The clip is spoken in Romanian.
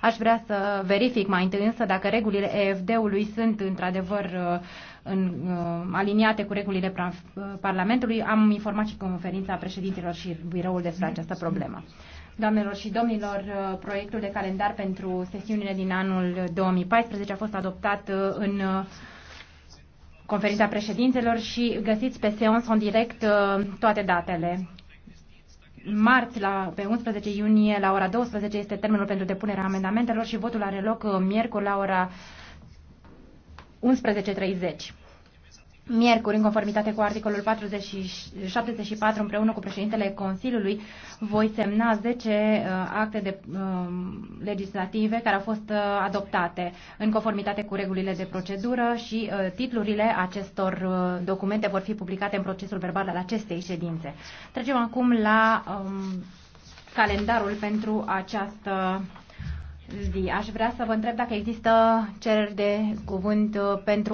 Aș vrea să verific mai întâi însă dacă regulile EFD-ului sunt într-adevăr uh, în, uh, aliniate cu regulile uh, Parlamentului. Am informat și conferința președintelor și biroul despre această problemă. Doamnelor și domnilor, proiectul de calendar pentru sesiunile din anul 2014 a fost adoptat în conferința președințelor și găsiți pe seans în direct toate datele marți, la, pe 11 iunie, la ora 12, este termenul pentru depunerea amendamentelor și votul are loc uh, miercuri la ora 11.30. Miercuri, în conformitate cu articolul 474, împreună cu președintele Consiliului, voi semna 10 uh, acte de, uh, legislative care au fost uh, adoptate în conformitate cu regulile de procedură și uh, titlurile acestor uh, documente vor fi publicate în procesul verbal al acestei ședințe. Trecem acum la um, calendarul pentru această zi. Aș vrea să vă întreb dacă există cereri de cuvânt uh, pentru